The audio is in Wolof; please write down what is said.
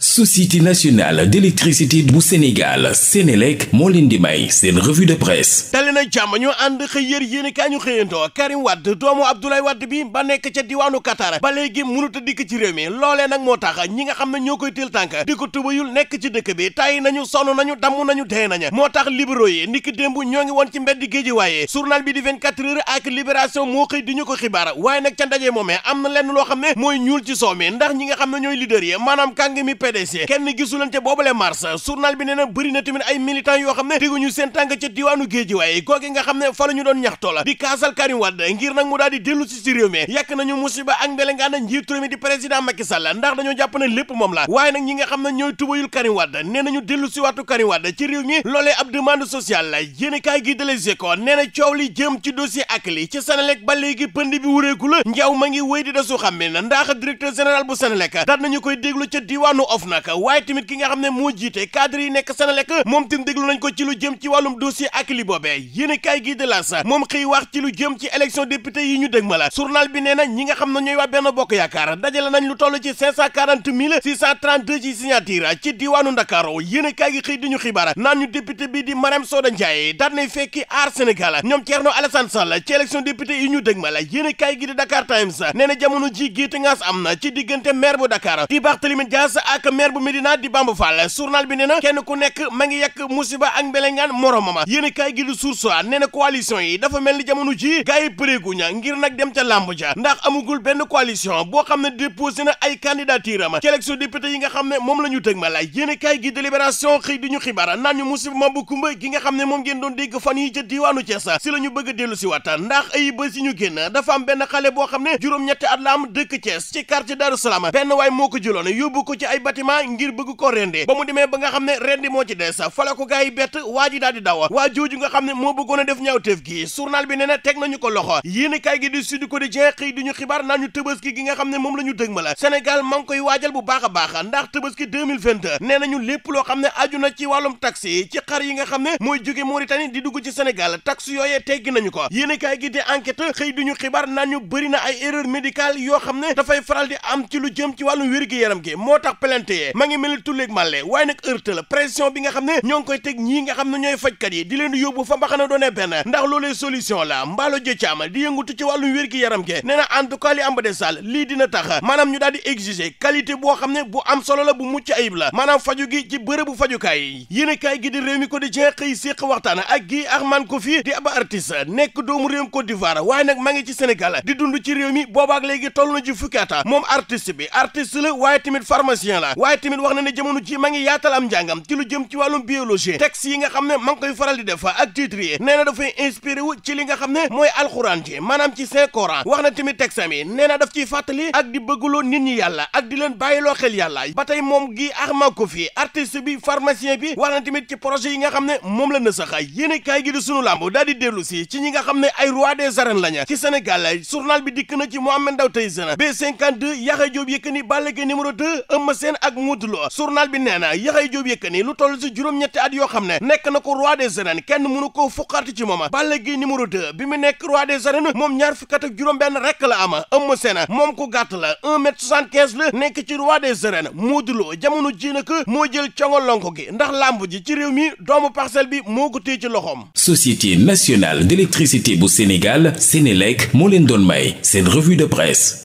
société nationale d'électricité bu Sénégal Sénélec moo leen di may seen revue de presse dali jàmm ñu ànd xëy yër yéenekaay ñu xëyantoo Karim Wade doomu Abdoulaye Wade bi ba nekk ca diwaanu Qatar ba léegi mënut dikk ci réew mi loolee nag moo tax ñi nga xam ne ñoo koy téel tànk di ko tubayul nekk ci dëkk bi tàyyi nañu sonn nañu damm nañu dee nañu moo tax libéraux yi niki démb ñoo ngi woon ci mbedd géej waaye journal bi di ak libération moo xëy di ñu ko xibaar PDC kenn gisulante boobule mars journal bi nee na bëri na tamit ay militants yoo xam ne teguñu seen tànk ca diwaanu Géejawaay googi nga xam ne fa ñu doon ñaxtoo la di kaasal Karim Wade ngir nag mu daal di dellu si si réew mi yàq nañu musiba ak mbelengaana njiitu réew mi di président Macky Sall ndax dañoo jàpp lépp moom la waaye nag ñi nga xam ne ñooy tubayul Karim Wade nee nañu dellu si wàttu Karim Wade ci réew mi loolee ab demande sociale waaye tamit ki nga xam ne moo jiite cadre yi nekk Senelec moom tim déglu nañ ko ci lu jëm ci wàllum dossier ak li boobee yéen gi de la sa moom xëy wax ci lu jëm ci élection député yi ñu dég la journal bi nee na ñi nga xam ne ñooy waa benn bokk yaakaar dajale nañ lu toll ci 540 ci diwaanu Ndakaaru yéen i gi xëy di ñu xibaar naan ñu député bii di Marème Soda Ndiaye daan fekki aar Sénégal ñoom Thierno Alassane la ci diggante ak bu Médina di Bamba Fall journal bi nee na kenn ku nekk ma ngi yàkk musiba ak mbelengaan moromama yéen a kaay gi du source nee na coalition yi dafa mel ni jamono ji gars yi përeeguña ngir nag dem ca làmb ja ndax amugul benn coalition boo xam ne déposé na ay candidature am ci élection yi nga xam ne moom la ñu tëg ma la yéen a kaay gi délibération xëy di ñu xibaar naan ñu musiba ma bu kumba gi nga xam ne moom ngeen doon dégg fan yi ca diwaanu Thiès si la ñu bëgg dellu si waat ay bés yi ñu génn dafa am benn xale boo xam ne juróom at la am dëkk Thiès ci quartier Darou Salam benn waay moo ko jëloon yóbbu ko ci ay bat bâtiment ngir bëgg ko rendi ba nga xam ne rendi moo ci des fa la ko gars yi bett waa moo bëggoon a def ñaawteef gi journal na teg nañu ko loxo yéen kay gi di Sud Quotidien xëy di ñu xibaar naan ñu tëbaski gi nga xam ne moom la ñu dëg koy waajal bu baax a baax ndax tëbaski 2022 nee nañu lépp loo xam ne aju na ci wàllum taxi ci xar yi nga xam ne mooy jóge Mauritanie di dugg ci Sénégal taxe yooyee teggi nañu ko yéen kay gi di enquête xëy di ñu xibaar naan ñu bëri na ay erreur médicale yoo xam ne dafay faral di am ci lu jëm ci wàllum wér-gi-yaram gi moo tax pelent téye ma ngi mel ni tulleeg màlle waaye nag heurte la pression bi nga xam ne ñoo ngi koy teg ñii nga xam ne ñooy fajkat yi di leen yóbbu fa mbaxana doone benn ndax loolee solution la mbaalo jëcaama di yëngutu ci wàllum wér gi yaram ge nee na en tout li amba de sall lii dina tax maanaam ñu daal di exiger qualité boo xam ne bu am solo la bu mucc ayib la maanaam faju gi ci bërëb fajukaay yi yéen kaay gi di réew mi ko di cee xëy séq waxtaan ak gi Arman Kofi di ab artiste nekk doomu réewum Côte d'Ivoire nag ma ngi ci Sénégal di dund ci réew mi boobaak léegi toll na ci fukki at moom artiste bi artiste la waaye la waaye tamit wax na ne jamono ci ma ngi yaatal am njàngam ci lu jëm ci wàllum biologie texte yi nga xam ne ma ngi koy faral di def ak titre yi nee na dafay ne mooy alxuraan ji maanaam ci saint coran wax na tamit texte mi nee na daf ciy fàttali ak di bëggloo nit ñi yàlla ak di leen bàyyiloo xel yàlla ba tey moom gi axma ko fi artiste bi pharmacien bi wax na tamit ci projet yi nga xam ne moom la na saxa yéene kaay gi di sunu làmb daal di dellu si ci ñi nga xam ne ay roi des arènes lañu ci Sénégal journal bi dikk na ci Mohamed Ndao Tyson B52 ak Modou Lo journal bi nee na Yaxya Joob Yékini lu toll si juróom-ñetti at yoo xam ne nekk na ko roi des arènes kenn nu ko fuqaati ci mooma Balla Gaye numéro 2 bi mu nekk roi des arènes moom ñaar fukki at juróom benn rek la ama Eumeu Sène moom ku gàtt la 1 mètre 75 la nekk ci roi des arènes Modou Lo jamono ji nak moo jël congo ko gi ndax làmb ji ci réew mi doomu parcelle bi moo ko téye ci loxoom Société nationale d'électricité bu Sénégal Sénélec moo leen doon may seen revue de presse